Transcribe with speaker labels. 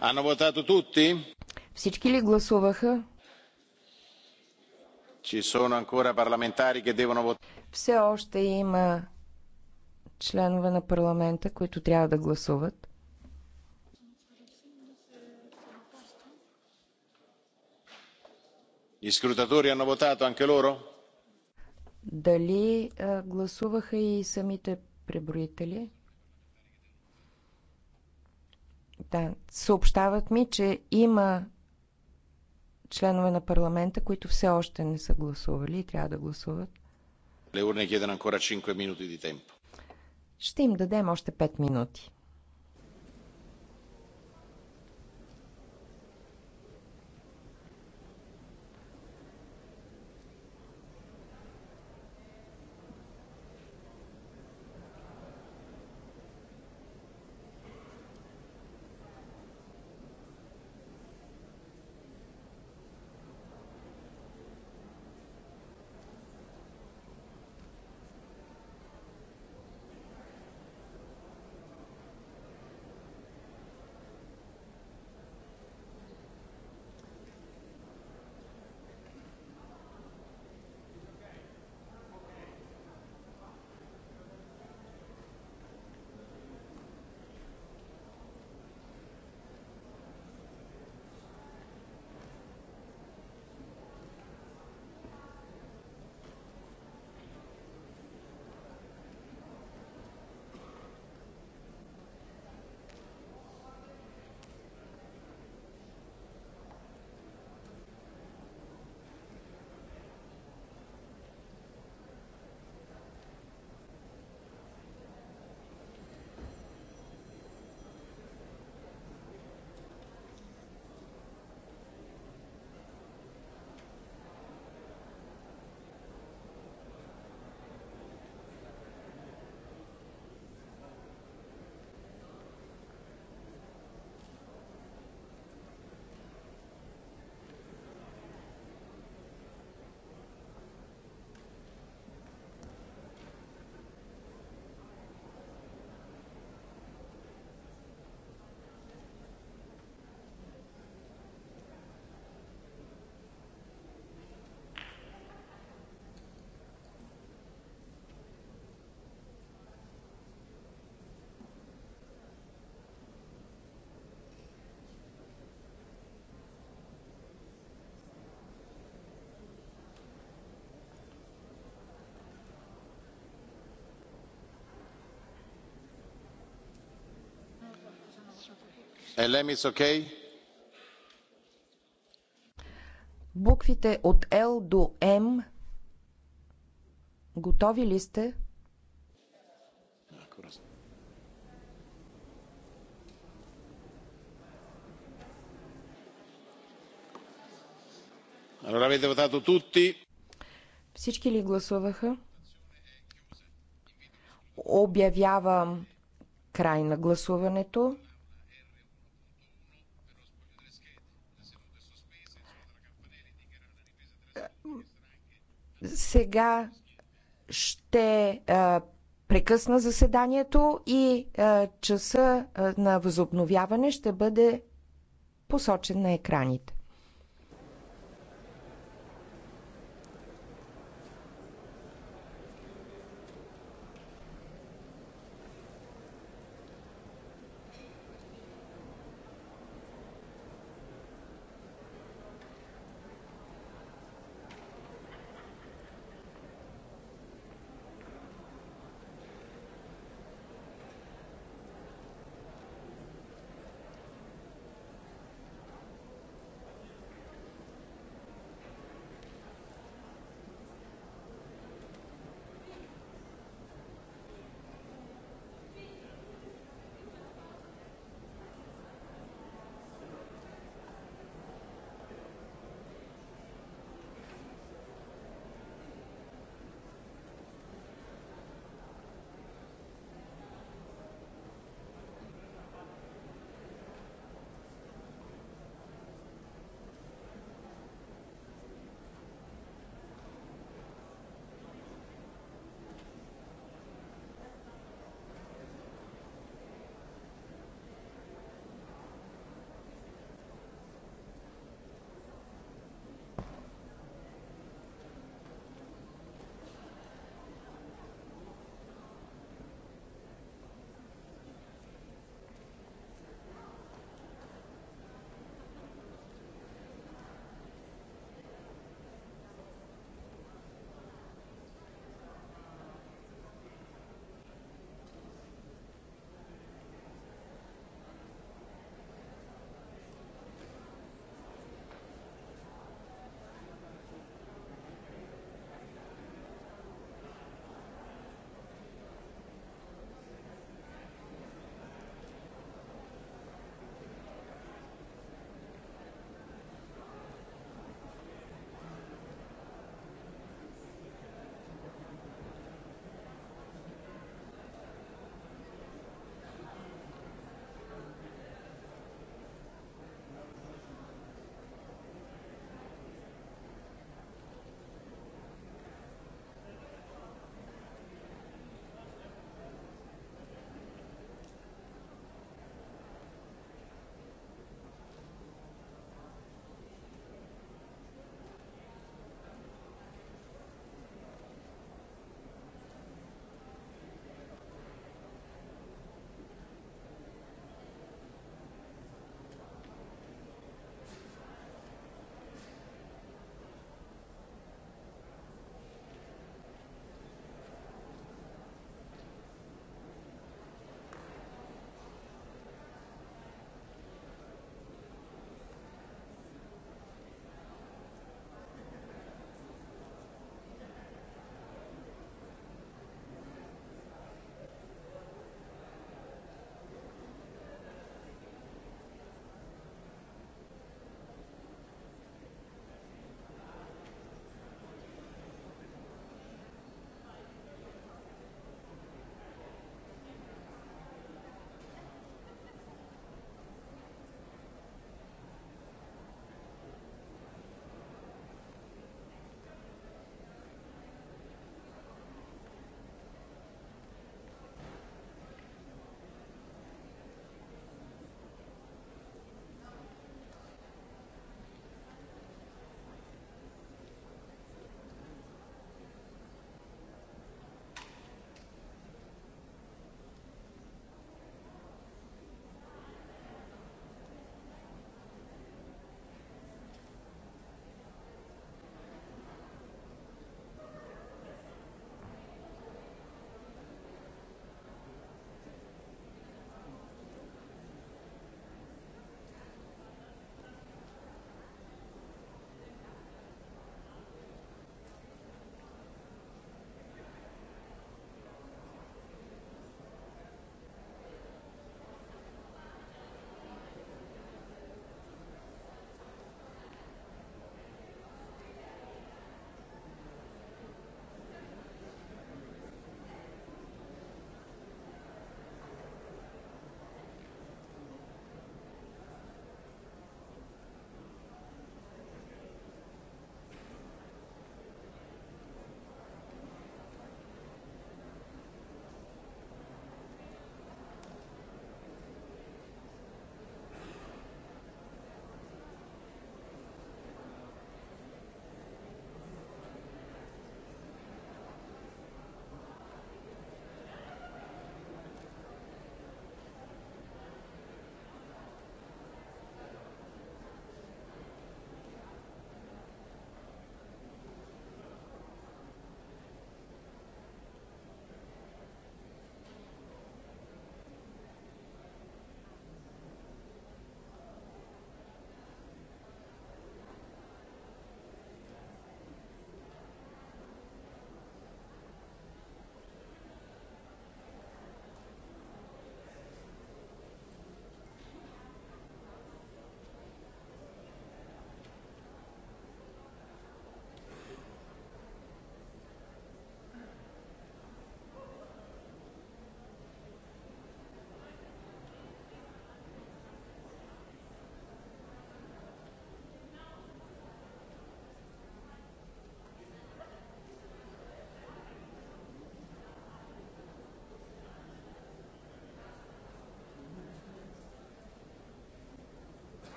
Speaker 1: Hanno votato tutti?
Speaker 2: Всички ли гласуваха?
Speaker 1: Ci sono ancora parlamentari che devono votare.
Speaker 2: Все още има членове на парламента, които трябва да гласуват.
Speaker 1: Gli scrutatori hanno votato anche loro?
Speaker 2: Дали гласуваха и самите преброители? Да, съобщават ми, че има членове на парламента, които все още не са гласували и трябва да гласуват. Ще им дадем още 5 минути. Буквите от L до М. Готови ли сте? Всички ли гласуваха? Обявявам край на гласуването. Сега ще а, прекъсна заседанието и а, часа на възобновяване ще бъде посочен на екраните.